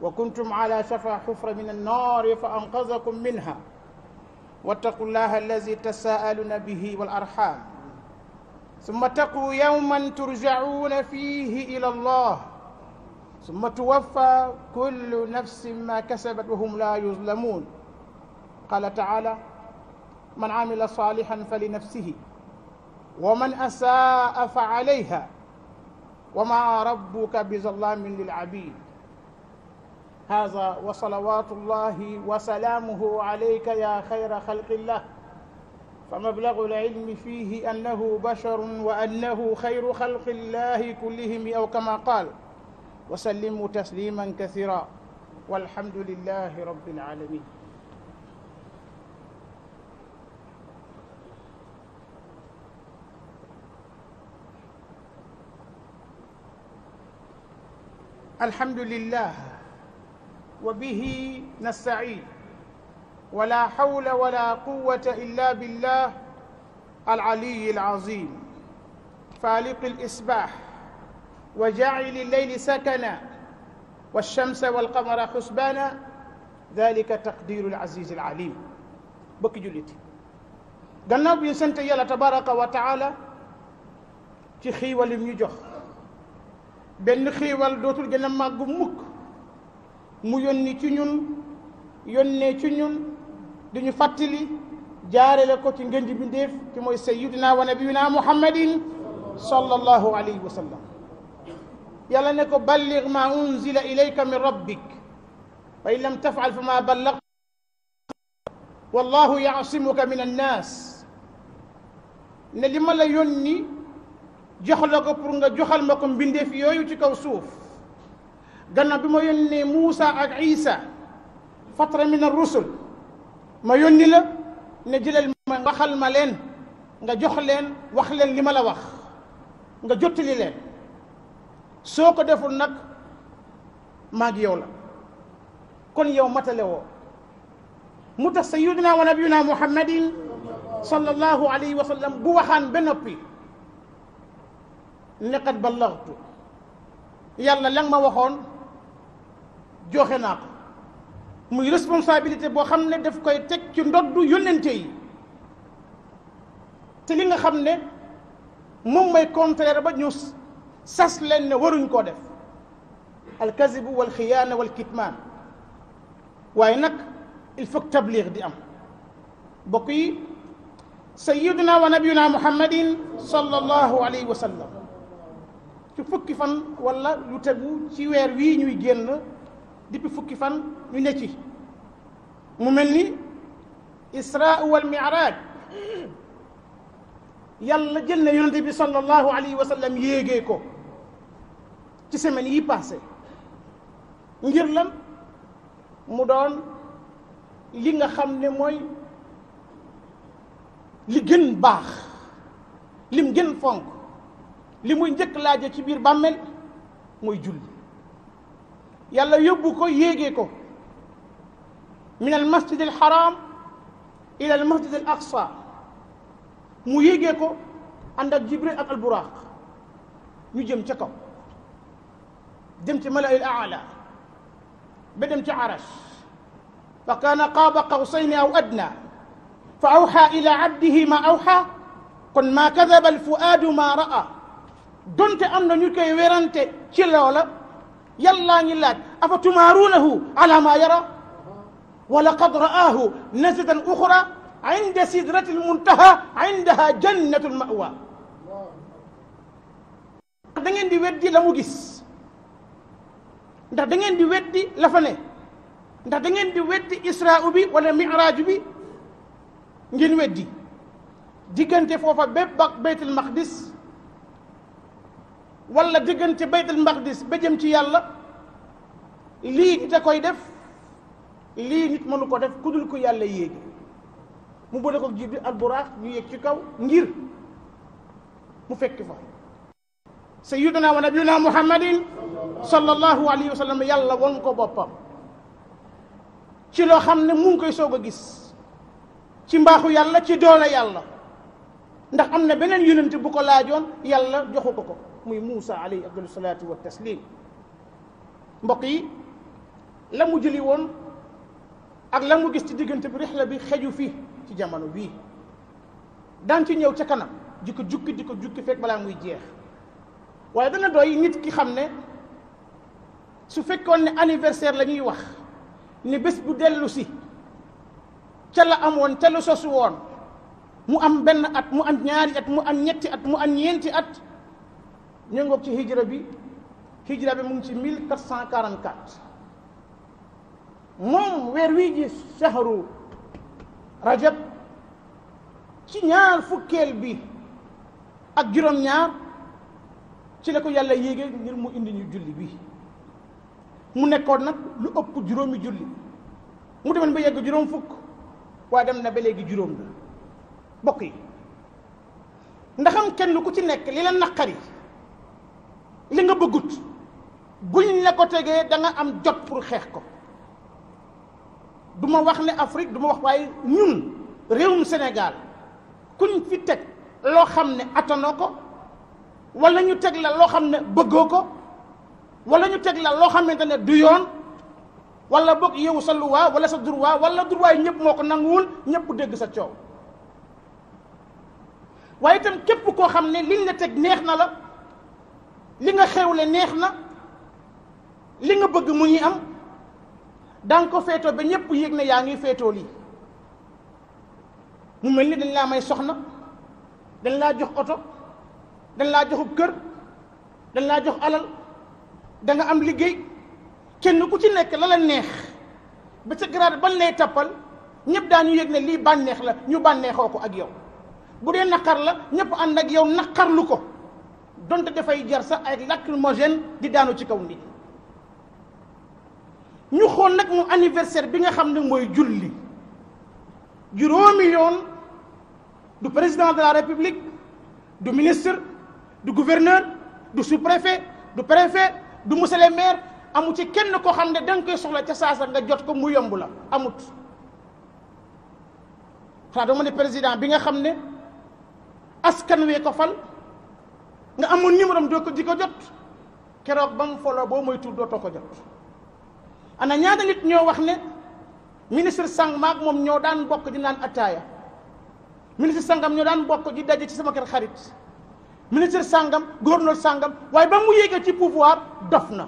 wa kuntum ala shafa xufra min annaari fa anqazakum minha wattaqu llaha allazi tasaaluna bihi wal arham summa taquu yawman turjacuuna fihi ila allah summa tuwaffa kullu nafsin ma kasabat wa hum la yuzlamun qala taala man amila salihan fali nafsihi wa man asaa fa alayha wa ma rabbuka bi zallamin lil abid هذا وصلوات الله وسلامه عليك يا خير خلق الله فمبلغ العلم فيه أنه بشر وأنه خير خلق الله كلهم أو كما قال وسلموا تسليما كثيرا والحمد لله رب العالمين الحمد لله وبه نستعين ولا حول ولا قوة إلا بالله العلي العظيم فالق الإصباح وجعل الليل سكنا والشمس والقمر حسبانا ذلك تقدير العزيز العليم bokk julliti gannaaw bi ñu sant yàlla tabaraka wa taala ci xiiwal yi ñu jox benn xiiwal dootul gën a màgg mukk mu yónni ci ñun yónnee ci ñun di ñu fàttali jaarele ko ci ngën ji bindeef ci mooy sayyidina wa nabiyina muhammadin sallallahu alayhi wa sallam yàlla ne ko balligh ma unzila ilayka min rabbik fa in lam tafal fa ma ballagta wallahu yaasimuka min annaas ne li ma la yónni jox la ko pour nga joxal ma ko mbindeef yooyu ci kaw suuf gannaaw bi ma yónnee Moussa ak Isa fatra min ar-rusul ma yónni la ne jëlal ma waxal ma leen nga jox leen wax leen li ma la wax nga jottali leen soo ko deful nag maa ngi yow kon yow matale woo mu tax sayyidina wa nabiyuna muhammadin sallallahu alayhi wa sallam bu waxaan ba noppi ne qad ballaghtu yàlla la ma waxoon joxe naa ko muy responsabilité boo xam ne daf koy teg ci ndoddu yónnente yi te li nga xam ne moom mooy contraire ba ñu sas leen ne waruñ koo def alkazibu wal xiyaana wal kitmaan waaye nag il faut tabliir di am bokk yi sayyiduna wa nabiyuna muhammadin sallallahu alayhi wa sallam ci fukki fan wala lu tegu ci weer wii ñuy génn depuis fukki fan ñu ne ci mu mel ni isra wal miraaj yàlla jël na yonente bi sallallahu alayhi wa sallam ko ci semaine yi passé ngir lan mu doon li nga xam ne mooy li gën baax lim gën fonk li muy njëkk laaje ci biir bàmmel mooy julli yàlla yóbbu ko yéegee ko min al masjid al haram ila al masjid al aqsa mu yéegee ko ànd ak jibril ak alburaq ñu jëm ca kaw jëm ci malaa'il aala ba dem ci arash fa kaana qaaba qawsayni aw adna fa awxa ila abdihi ma awxa kon maa kadaba alfuaadu ma ra'a donte am na ñu koy werante ci loola yàllaa ngi laaj afa tumaaruunahu ala ma yara wa laqad ra'aahu nazlatan uxra inda sidrati lmuntaha indaha jannatu lmawa ndax da ngeen di weddi la mu gis ndax da ngeen di weddi la fa ne ndax da ngeen di weddi israa bi wala miraaju bi ngeen weddi diggante foofa bépp ak baytul maqdis wala diggante baytul maqdis ba jëm ci yàlla lii nit a koy def lii nit mënu ko def ku dul ko yàlla yéegi mu boole ko jibril al buraax ñu yéeg ci kaw ngir mu fekk fa sayyiduna yu nabiyuna muhammadin sallallahu alayhi wa sallam yàlla won ko boppam ci loo xam ne mu ngi koy soog a gis ci mbaaxu yàlla ci doole yàlla ndax am na beneen yonent bu ko laajoon yàlla joxu ko ko muy muusa alayhi afdalu salaatu wa taslim mbokk yi la mu jëli woon ak la mu gis ci diggante bi rixla bi xeju fi ci jamono bii daan ci ñëw ca kanam di ko jukki di ko jukki fekk balaa muy jeex waaye dana doy nit ki xam ne su fekkoon ne anniversaire lañuy wax ne bés bu dellu ca la amoon ca la sosu woon mu am benn at mu am ñaari at mu am ñetti at mu am ñeenti at ñëngoog ci hijra bi hijra bi mu ngi ci 1444 moom weer wii ji sahru rajab ci ñaar fukkeel bi ak juróom-ñaar ci la ko yàlla yéege ngir mu indi ñu julli bi mu nekkoon nag lu ëpp juróomi julli mu demoon ba yegg juróom fukk waaye dem na ba léegi juróom la bokk yi ndaxam kenn ku ci nekk li la naqari li nga bëggut buñ la ko tegee danga am jot pour xeex ko duma wax ne Afrique duma wax waaye ñun senegal Sénégal kuñ fi teg loo xam ne attanoo ko wala ñu teg la loo xam ne bëggoo ko wala ñu teg la loo xam ne du yoon wala boog yow sa luwaa wala sa durwaa wala durwaa yi ñëpp moo ko nanguwul ñëpp dégg sa coow waaye itam képp koo xam ne liñ la teg neex na la li nga xewle neex na li nga bëgg mu ñuy am danga ko feetoo ba ñëpp yëg ne yaa ngi feetoo lii mu mel ni dañ laa may soxna dañ laa jox oto dañ laa joxub kër dañ laa jox alal danga nga am liggéey kenn ku ci nekk la la neex ba sa grade ban lay tappal ñëpp daañu yéeg ne lii bànneex la ñu bànneexoo ko ak yow bu dee naqar la ñëpp ànd ak yow naqarlu ko donte dafay jar sax ay lacrymogène di daanu ci kaw nit ñu xool nag mu anniversaire bi nga xam ne mooy julli juróomi yoon du président de la république du ministre du gouverneur du sous-préfet du préfet du monsieur le maire amu ci kenn koo xam ne da nga koy soxla ca saasa nga jot ko mu yomb la amut xanaa dama ne président bi nga xam ne askan wi ko fal nga amoon numéro am doo ko di ko jot keroog ba mu foloo boo moytuwul dootoo ko jot ana ñaata nit ñoo wax ne ministre sang maag moom ñoo daan bokk di naan attaaya ministre sangam ñoo daan bokk di daje ci sama kër xarit ministre sangam gouverneur sangam waaye ba mu yéegee ci pouvoir dof na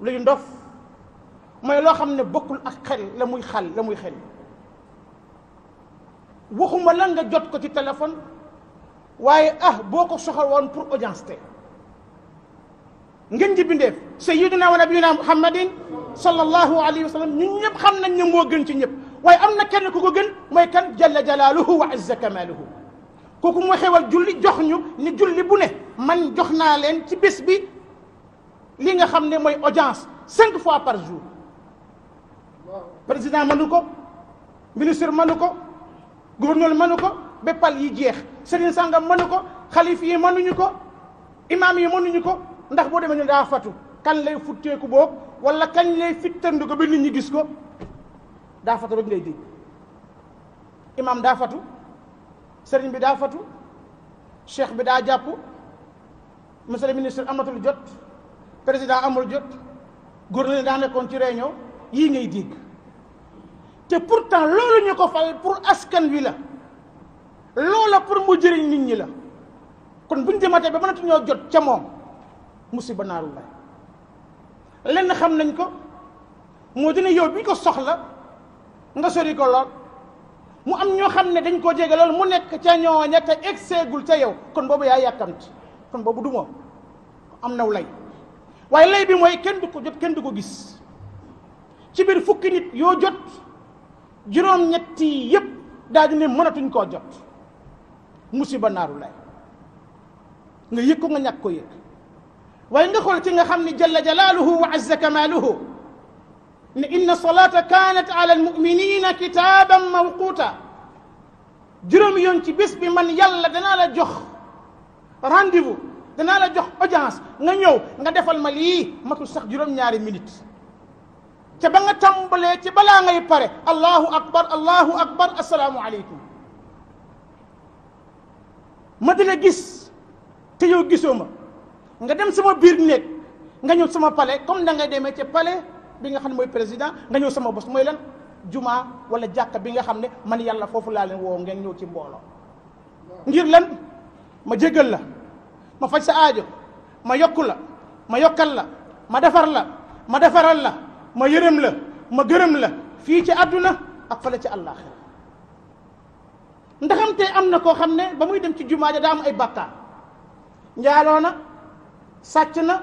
luy ndof mooy loo xam ne bokkul ak xel la muy xal la muy xel waxuma la nga jot ko ci téléphone waaye ah boo ko soxal woon pour audience te ngeen ji bindeef sayyiduna wa nabiyuna muhammadin sallallahu alayhi wa sallam ñun ñëpp xam nañ ne moo gën ci ñëpp waaye am na kenn ku ko gën mooy kan jalla jalaaluhu wa azza kamaaluhu kooku moo xewal julli jox ñu ni julli bu ne man jox naa leen ci bés bi li nga xam ne mooy audience cinq fois par jour président mënu ko ministre mënu ko gouverneur mënu ko ba yi jeex sëriñ sàngam mënu ko xalif yi mënuñu ko imaam yi mënuñu ko ndax boo demee ñu daa fatu kan lay futteeku boog wala kañ lay fittandu ko ba nit ñi gis ko daa fatu rek ngay dégg imaam daa fatu sëriñ bi daa fatu cheikh bi daa jàppu monsieur le ministre amatul jot président amul jot gouverneur daa nekkoon ci réunion yii ngay dégg te pourtant loolu ñu ko fal pour askan wi la la pour mu jëriñ nit ñi la kon buñ dematee ba mënatu ñoo jot ca moom musiba naaru la lenn xam nañ ko moo dina yow bi ko soxla nga sori ko lool mu am ñoo xam ne dañ koo jege lool mu nekk ca ñooña te egseegul ca yow kon boobu yaa yàkkamti kon boobu du moom am na wu lay waaye lay bi mooy kenn du ko jot kenn du ko gis ci biir fukki nit yoo jot juróom-ñetti yépp daal di ne mënatuñ koo jot musiba naaru lay nga yëg ko nga ko yëg waaye nga xool ci nga xam ni jalla jalaaluhu wa azza kamaaluhu ne inna salaata kaanat ala almuminina kitaaban mawquuta juróom yoon ci bés bi man yàlla danaa la jox rendez-vous danaa la jox audience nga ñëw nga defal ma lii matul sax juróom-ñaari minute ca ba nga tàmbalee ci balaa ngay pare allahu akbar allahu akbar asalaamu aleykum ma di la gis te yow gisoo ma nga dem sama biir néeg nga ñëw sama palais comme da ngay demee ca palais bi nga xam ne mooy président nga ñëw sama bos mooy lan jumaa wala jàkka bi nga xam ne man yàlla foofu laa leen woow ngeen ñëw ci mbooloo ngir lan ma jégal la ma faj sa aajo ma yokk la ma yokkal la ma defar la ma defaral la ma yërëm la ma gërëm la fii ci àdduna ak fële ci àllaaxira ndaxamte am na koo xam ne ba muy dem ci jumaa ja daa ay bàkkaar njaaloo na sàcc na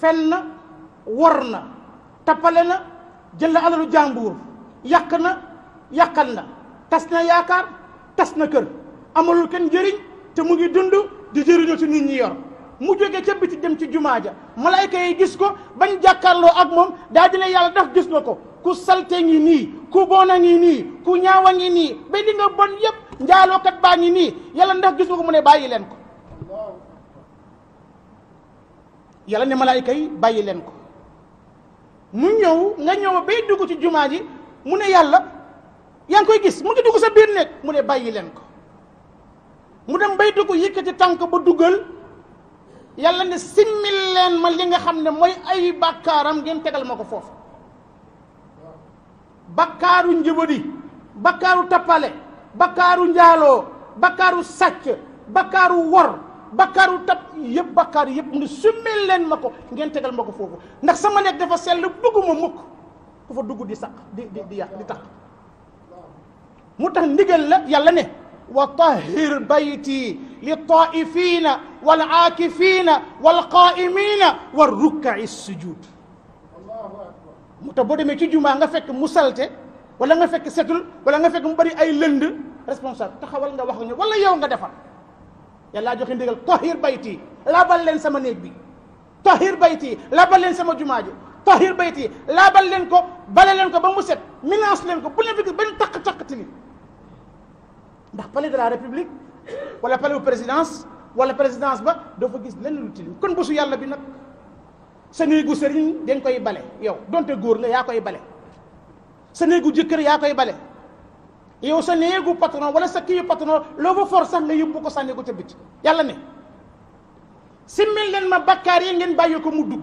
fen na wor na tappale na jël na alalu jàmbuur yàq na yàqal na tas na yaakaar tas na kër amalul kenn jëriñ te mu ngi dund di jëriñoo ci nit ñi mu jógee ca biti dem ci jumaa ja malaayka yi gis ko ba ñu jàkkaarloo ak moom daa dina yàlla daf gis na ko ku salte ngi nii ku bon a ngi nii ku ñaaw a ngi nii ba li nga bon yëpp njaalookat baa ngi nii yàlla ndax gis nga ko mu ne bàyyi leen ko yàlla ne malaayka yi bàyyi leen ko mu ñëw nga ñëw bay dugg ci jumaa ji mu ne yàlla yaa ngi koy gis mu ngi dugg sa biir nekk mu ne bàyyi leen ko mu dem bay dugg yëkkati tànk ba duggal yàlla ne simmil leen ma li nga xam ne mooy ay bàkkaaram ngeen tegal ma ko foofu bakkaaru njëbadi bakkaaru tappale bakkaaru njaaloo bakkaaru sàcc bakkaaru wor bakkaaru tab yëpp bakkaar yëpp nga summeel leen ma ko ngeen tegal ma foofu ndax sama nekk dafa sell ma mukk ku fa dugg di saq di di di yàq mu tax ndigal la yàlla ne wa tahir bayti li taifina wal aakifina wal qaimina wa rukkai sujud mu te boo demee ci jumaa nga fekk mu salte wala nga fekk setul wala nga fekk mu bari ay lënd responsable taxawal nga wax ñu wala yow nga defar yàlla joxe ndigal tahir bayti laabal leen sama néeg bi tahir bayti laabal leen sama jumaa ji tahir bayti laabal leen ko bale leen ko ba mu set minance leen ko bu leen fi gis benn taq-taq tilim ndax palais de la république wala palais bu présidence wala présidence ba doo fa gis lenn lu tilim kon bésu yàlla bi nag sa néegu sëriñ dañ koy bale yow donte góor nga yaa koy bale sa néegu jëkkër yaa koy bale yow sa néegu patron wala sa kii patron loo fa for sax nga yóbbu ko sànni ko ca biti yàlla ne simmil leen ma bakkaar yi ngeen bàyyi ko mu dugg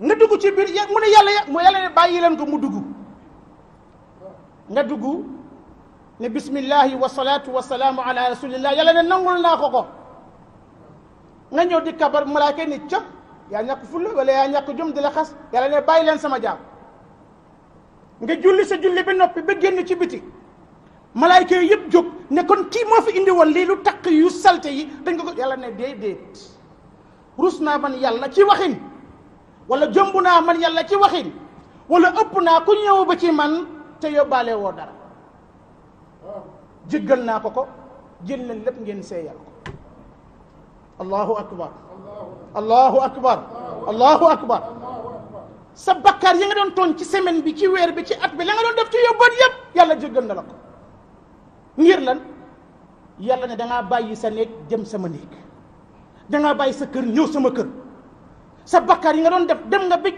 nga dugg ci biir mu ne yàlla mu yàlla ne bàyyi leen ko mu dugg nga dugg ne bismillahi wa salaatu wa salaamu ala rasulillah yàlla ne nangul naa ko ko nga ñëw di kabar malaaka ni cop yaa ñàkk fulla wala yaa ñàkk jom di la xas yàlla ne bàyyi leen sama jaam nga julli sa julli ba noppi ba génn ci biti malaayka yi yëpp jóg ne kon kii fi indi woon lii lu takk yu salte yi dañ ko ko yàlla ne déedéet rus naa man yàlla ci waxin wala jomb naa man yàlla ci waxin wala ëpp naa ku ñëw ba ci man te yóbbaale woo dara jéggal naa ko ko jël leen lépp ngeen seeyal ko allahu akbar allahu akbar allahu akbar sa bakkaar yi nga doon tooñ ci semaine bi ci weer bi ci at bi la nga doon def ci yóbbaat yëpp yàlla jéggal na la ko ngir lan yàlla ne dangaa bàyyi sa néeg jëm sama néeg dangaa bàyyi sa kër ñëw sama kër sa bakkaar yi nga doon def dem nga bëj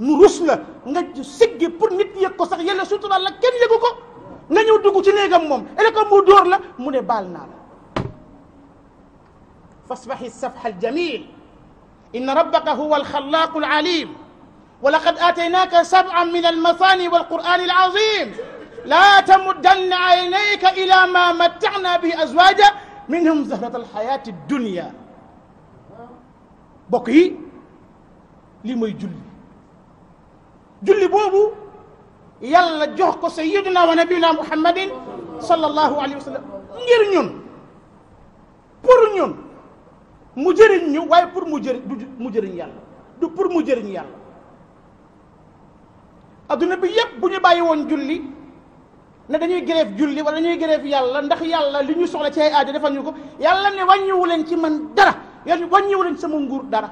mu rus nga nga siggi pour nit yëg ko sax yàlla suturaal la kenn yëgu ko nga ñëw dugg ci néegam moom ele mu dóor la mu ne baal naa la fasfahi safha aljamil inna rabbaka huwa alxalaaqu alalim wa laqad aataynaka sab'an min almathani walquran alazim laa tamuddanna aynayka ila ma matta'na bihi azwaja minhum zahrata alxayati dunya bokk yi lii mooy julli julli boobu yàlla jox ko sayyiduna wa nabiyuna muhammadin sallallahu alayhi wa sallam ngir ñun pour ñun mu jëriñ ñu waaye pour mu jëriñ mu jëriñ yàlla du pour mu jëriñ yàlla adduna bi yépp bu ñu bàyyi woon julli ne dañuy grève julli wala dañuy grève yàlla ndax yàlla li ñu soxla ci ay aajo defal ko yàlla ne wàññiwu leen ci man dara yàlla wàññiwu leen ci sama nguur dara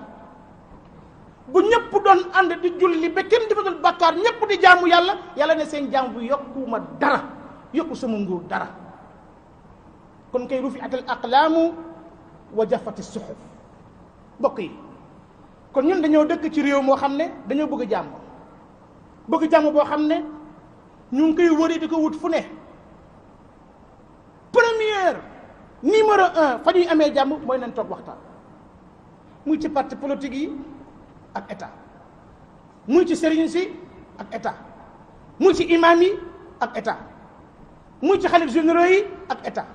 bu ñëpp doon ànd di julli ba kenn defatul bàkkaar ñëpp di jaamu yàlla yàlla ne seen jaam bu yokkuma dara yokku sama nguur dara kon kay rufi atal wa jafati suxuf mbokk yi kon ñun dañoo dëkk ci réew moo xam ne dañoo bëgg jàmm bëgg jàmm boo xam ne ñu ngi koy wëri di ko wut fu ne première numéro un fa ñuy amee jàmm mooy nañ toog waxtaan muy ci parti politique yi ak état muy ci sëriñ si ak état muy ci imam yi ak état muy ci xalif généraux yi ak état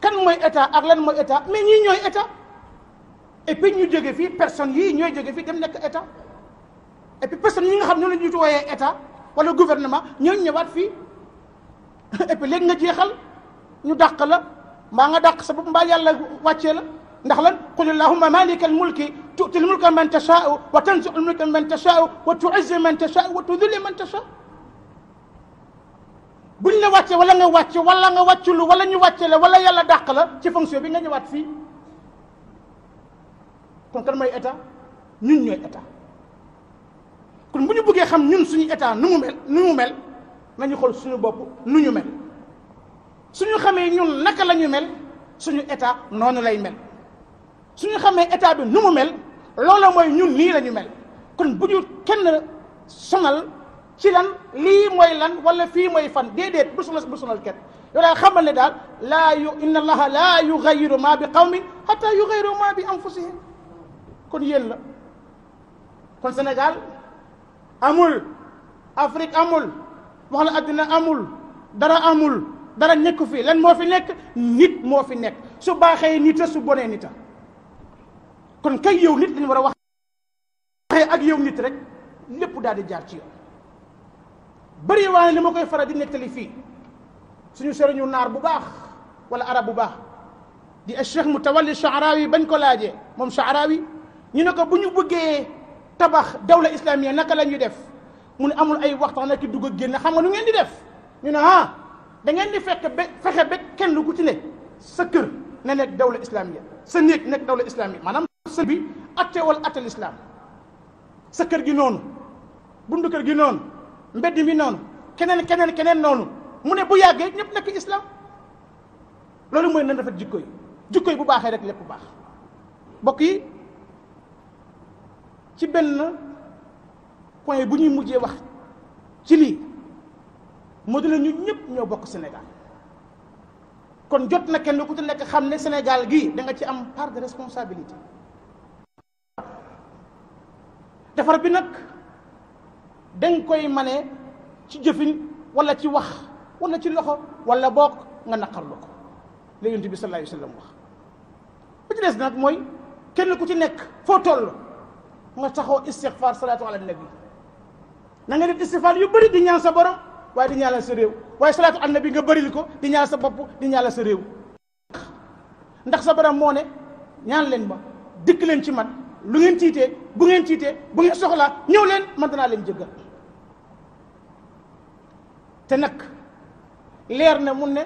kan mooy état ak lan mooy état mais ñii ñooy état et puis ñu jóge fii personne yii ñooy jóge fii dem nekk état et puis personne yi nga xam ñoo la ñu tuwooyee état wala gouvernement ñooñu ñëwaat fii et puis léegi nga jeexal ñu dàq la mbaa nga dàq sa bopp mbaa yàlla wàccee la ndax lan qul allahumma malika al mulki tu'ti al mulka man tashaa'u wa tanzi'u al mulka man tashaa'u wa tu'izzu man tashaa'u wa man tashaa'u bu buñ la wàccee wala nga wàcc wala nga wàcculu wala ñu wàcce la wala yàlla dàq la ci fonction bi nga ñëwaat fii kon kan mooy état ñun ñooy état kon bu ñu bëggee xam ñun suñu état nu mu mel nu mu mel nañu xool suñu bopp nu ñu mel suñu xamee ñun naka la ñu mel suñu état noonu lay mel suñu xamee état bi nu mu mel loola mooy ñun nii la mel kon bu ñu kenn sonal ci lan lii mooy lan wala fii mooy fan déedéet bu sonal bu sonal kenn yow daal xamal ne daal laa yu inna allaha laa yugayiru ma bi qawmin hatta yugayiru ma bi anfusihim kon yéen la kon Sénégal amul Afrique amul wax la addina amul dara amul dara nekku fi lan moo fi nekk nit moo fi nekk su baaxee nita su bonee nita kon kay yow nit lañ war a wax yow nit rek lépp daal di jaar ci bëri waaye li ma koy faral di nettali fii suñu sëriñu naar bu baax wala arab bu baax di cheikh mutawalli Shaarawi bañ ko laajee moom Shaarawi ñu ne ko bu ñu bëggee tabax dawla islamiya naka lañuy def mu ne amul ay waxtaan ki dugg a génne xam nga nu ngeen di def ñu ne ah da ngeen di fekk be fexe ba kenn ku ci ne sa kër na nekk dawla islamiya sa néeg nekk dawla islamiya maanaam sa bi atte wala attel islam sa kër gi noonu bundu kër gi noonu. mbedd mi noonu keneen keneen keneen noonu mu ne bu yàggee ñëpp nekk islaam loolu mooy na rafet jikko yi jikko yi bu baaxee rek lépp bu baax mbokk yi ci benn point bu ñuy mujjee wax ci lii moo di la ñu ñëpp ñoo bokk Sénégal kon jot na kenn ku ci nekk xam ne Sénégal gii danga ci am part de responsabilité defar bi nag danga koy mane ci jëfin wala ci wax wala ci loxo wala boog nga naqarlu ko la yonent bi sallallahu alayhi wa sallam wax ba ci des nag mooy kenn ku ci nekk foo toll nga taxoo istighfar salaatu ala nabi na nga def istighfar yu bari di ñaan sa borom waaye di ñaanal sa réew waaye salaatu ala nabi nga bëril ko di ñaanal sa bopp di ñaanal sa réew ndax sa borom moo ne ñaan leen ma dikk leen ci man lu ngeen tiitee bu ngeen tiitee bu ngeen soxlaa ñëw leen man danaa leen jëggal te nag leer na mun ne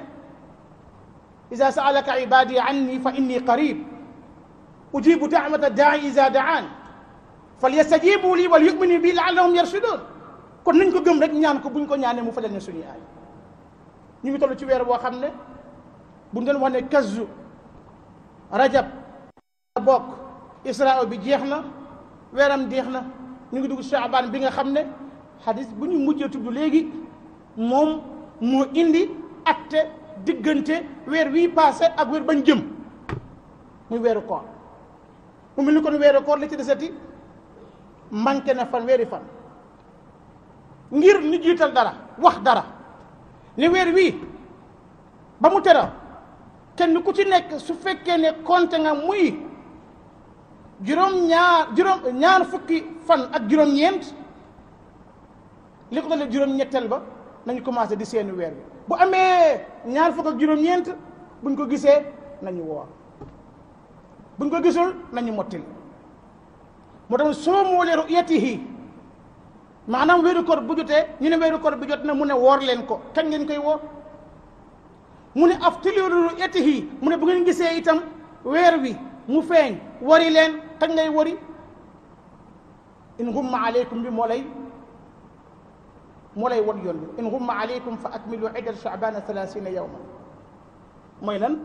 ida saalaka ibadi anni fa inni qarib ujibu daamata daai ida daan falyastajibu lii wal yuminu bi laallahum yarshudun kon nañ ko gëm rek ñaan ko buñ ko ñaanee mu fajal ne suñuy aay ñu ngi toll ci weer boo xam ne buñ doon wax ne kazu rajab bokk israa bi jeex na weeram jeex na ñu ngi dugg Shaaban bi nga xam ne xadis bu ñu mujjee tudd léegi moom mu indi atte diggante weer wii passé ak weer bañ jëm mu weeru koor mu mel ni kon weeru koor li ci deseti manqué na fan weeri fan ngir ni jiital dara wax dara ni weer wii ba mu teral kenn ku ci nekk su fekkee ne konte nga muy juróom ñaar juróom ñaar fukki fan ak juróom-ñeent li ko dalee juróom-ñetteel ba nañu commencé di seeni weer bi bu amee ñaar fukk ak juróom-ñeent buñ ko gisee nañu woor buñ ko gisul nañu mottil moo tax soomu li ru'yatihi maanaam weeru koor bu jotee ñu ne weeru koor bi jot na mu ne woor leen ko kañ ngeen koy woor mu ne aftiru li ru'yatihi mu ne bu ngeen gisee itam weer wi mu feeñ wari leen kañ ngay wari in humma aleykum bi moo lay moo lay wan yoon bi in humma aleykum fa akmilu iddat chaabana thalathina yawma mooy lan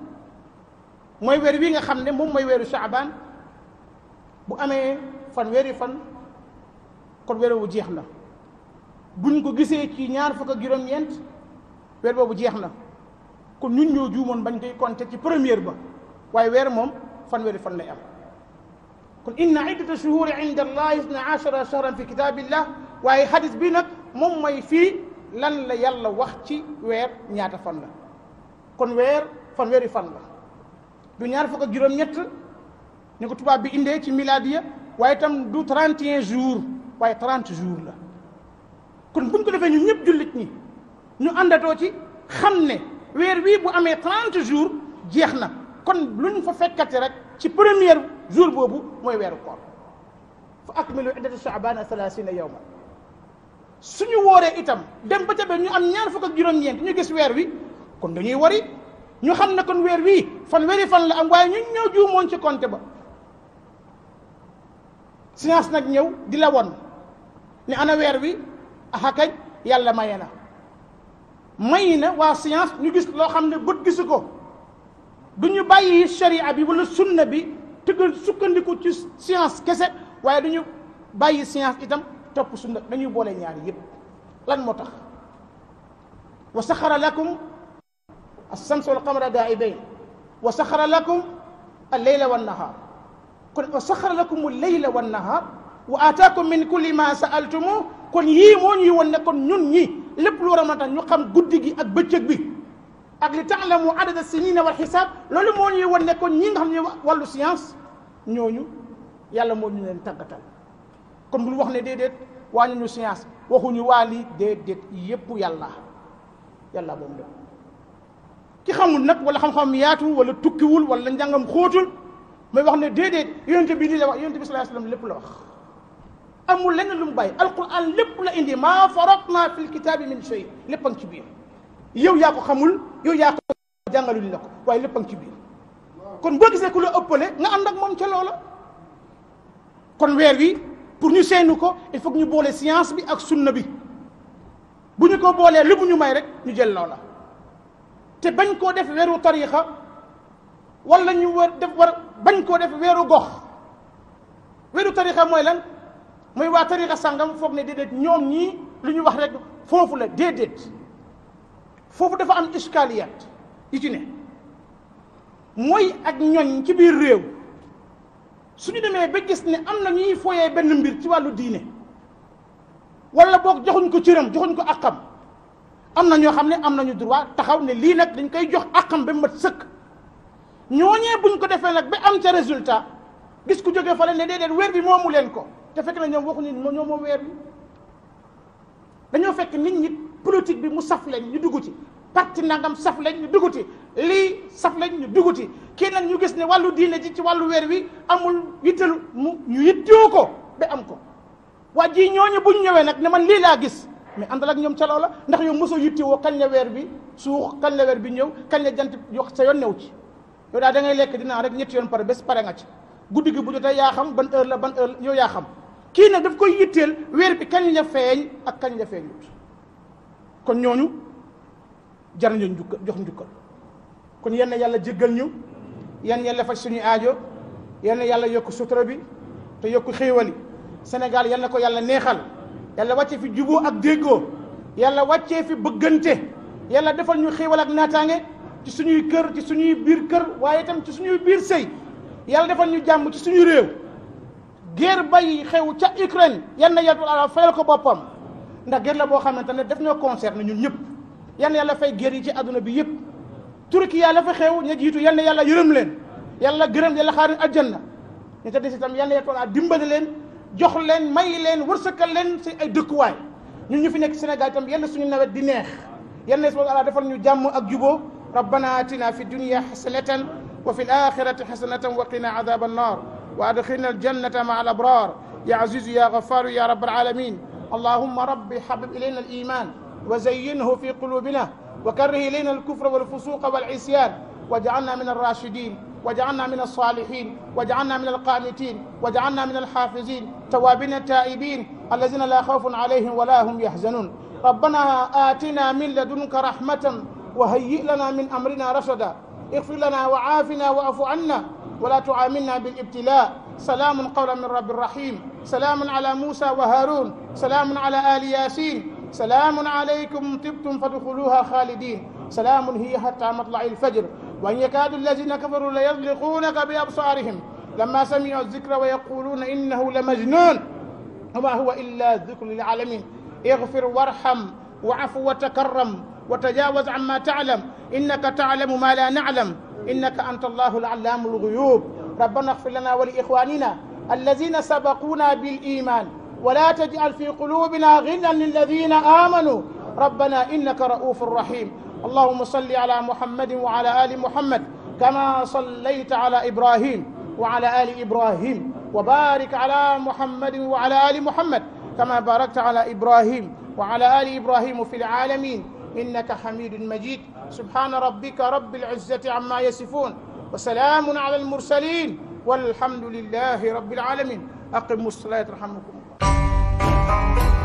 mooy weer wi nga xam ne moom mooy weeru chaabaan bu amee fan weeri fan kon weer boobu jeex na buñ ko gisee ci ñaar fukk ak juróom-ñeent weer bu jeex na kon ñun ñoo juumoon bañ koy compter ci première ba waaye weer moom fan weeri fan lay am kon inna iddata shuhuri a allahi isna ashara shahran waaye xadis bi moom mooy fii lan la yàlla wax ci weer ñaata fan la kon weer fan weeri fan la du ñaar fukk ak ñett ni ko tubaab bi indee ci miladiya waaye tam du 31 jours waaye 30 jours la kon buñ ko defee ñu ñëpp jullit ñi ñu àndatoo ci xam ne weer wii bu amee 30 jours jeex na kon luñ fa fekkati rek ci premier jour boobu mooy weeru koor fa akmilu iddatu shaabaana thalaasina yawman suñu wooree itam dem ba ca be ñu am ñaar fukk ak juróom-ñeent ñu gis weer wi kon dañuy wari ñu xam ne kon weer wi fan weeri fan la am waaye ñun ñoo juumoon ci compte ba science nag ñëw di la won ne ana weer wi axakañ yàlla maye na may na waa science ñu gis loo xam ne bët gisu ko du ñu bàyyi sharia bi wala sunna bi tëggal sukkandiku ci science kese waaye du ñu bàyyi science itam topp sunna dañuy boole ñaari yëpp lan moo tax wa saxara lakum as-shamsa wal qamara daa'ibayn wa saxara lakum al-layla wan nahaar kon wa saxara lakum al-layla wan nahaar wa aataakum min kulli ma sa'altumu kon yii moo ñuy won ne kon ñun ñi lépp lu war a mën ñu xam guddi gi ak bëccëg bi ak li ta'lamu adada sinina wal xisaab loolu moo ñuy won ne kon ñi nga xam ne wàllu science ñooñu yàlla moo ñu leen tàggatal kon bul wax ne déedéet waa ñu science waxuñu waa lii déedéet yépp yàlla yàlla moom lépp ki xamul nag wala xam-xam yaatu wala tukkiwul wala njàngam xóotul may wax ne déedéet yonente bi lii la wax yonente bi sallallahu lépp la wax amul lenn lu mu bàyyi alquran lépp la indi maa faratna fil kitaabi min shay lépp ci biir yow yaa ko xamul yow yaa ko jàngaluñ la ko waaye lépp a ci biir kon boo gisee ku la ëppale nga ànd ak moom ca loola kon weer wi pour ñu seenu ko il faut ñu boole science bi ak sunna bi bu ñu ko boolee lu mu ñu may rek ñu jël loola te bañ koo def weeru tarixa walla ñu war def war bañ koo def weeru gox weeru tarixa mooy lan mooy waa tarixa sàngam foog ne déedéet ñoom ñii lu ñu wax rek foofu la déedéet foofu dafa am iskaliyaat yi ci ne mooy ak ñoñ ci biir réew suñu demee ba gis ne am na ñuy fooyee benn mbir ci wàllu diine wala boog joxuñ ko cëram joxuñ ko àqam am na ñoo xam ne am nañu droit taxaw ne lii nag dañ koy jox àqam ba mat sëkk ñooñee buñ ko defee nag ba am ca résultat gis ku jógee fale ne déedéet weer bi moomu leen ko te fekk na ñoom waxuñu ñoo moom weer bi dañoo fekk nit ñi politique bi mu saf leen ñu dugg ci parti nangam saf leen ñu dugg lii saf lañ ñu duguti kii nag ñu gis ne wàllu diine ji ci wàllu weer wi amul yittalu mu ñu yittewoo ko ba am ko waa ji ñooñu ñu ñëwee nag ne man lii laa gis mais àndal ak ñoom ca la ndax yow mosoo yittewoo kañ la weer bi suux kañ la weer bi ñëw kañ la jant yox sa new ci daal da ngay dinaa rek ñetti yoon pare bés pare nga ci guddi gi bu jotee yaa xam ban heure la ban heure yaa xam kii nag daf koy yitteel weer bi kañ la feeñ ak kañ la feeñut kon ñooñu jar jox njukkal kon yenn yàlla jéggal ñu yenn yàlla faj suñu aajo yenn yàlla yokk sutura bi te yokk xéewali Sénégal yal ko yàlla neexal yàlla wàccee fi juboo ak déggoo yàlla wàccee fi bëggante yàlla defal ñu xéewal ak naataange ci suñuy kër ci suñuy biir kër waaye itam ci suñuy biir sëy yàlla defal ñu jàmm ci suñu réew guerre bay xew ca Ukraine yan na yàlla ko boppam ndax guerre boo xamante ne def na concerne ñun ñëpp yan yàlla fay guerre yi ci àdduna bi yëpp turki yàlla fa xew ña jiitu yal na yàlla yërëm leen yàlla gërëm yàlla xaar aljanna ñu ca des itam yal na yàlla dimbali leen jox leen may leen wërsëkal leen si ay dëkkuwaay ñun ñu fi nekk Sénégal itam yal na suñu nawet di neex yal na subhaanahu wa taala defal ñu jàmm ak juboo rabbana atina fi dunya xasanatan wa fi alaxirati xasanatan wa qina adaba annar wa adxilna aljannata maa al abrar ya azizu ya gafaru ya rabbal alamin allahumma rabbi habib ilayna al iman وزينه في قلوبنا وكره إلينا الكفر والفسوق والعصيان واجعلنا من الراشدين واجعلنا من الصالحين واجعلنا من القانتين واجعلنا من الحافظين توابين التائبين الذين لا خوف عليهم ولا هم يحزنون ربنا آتنا من لدنك رحمة وهيئ لنا من أمرنا رشدا اغفر لنا وعافنا واعف عنا ولا تعاملنا بالابتلاء سلام قولا من رب الرحيم سلام على موسى وهارون سلام على آل ياسين سلام عليكم طبتم فادخلوها خالدين سلام هي حتى مطلع الفجر وإن يكاد الذين كفروا ليزلقونك بأبصارهم لما سمعوا الذكر ويقولون إنه لمجنون وما هو إلا ذكر للعالمين اغفر وارحم واعف وتكرم وتجاوز عما تعلم إنك تعلم ما لا نعلم إنك أنت الله العلام الغيوب ربنا اغفر لنا ولإخواننا الذين سبقونا بالإيمان ولا تجعل في قلوبنا غلا للذين آمنوا ربنا إنك رؤوف رحيم اللهم صل على محمد وعلى آل محمد كما صليت على إبراهيم وعلى آل إبراهيم وبارك على محمد وعلى آل محمد كما باركت على إبراهيم وعلى آل إبراهيم في العالمين إنك حميد مجيد سبحان ربك رب العزة عما يصفون وسلام على المرسلين والحمد لله رب العالمين أقم الصلاة رحمكم Thank you.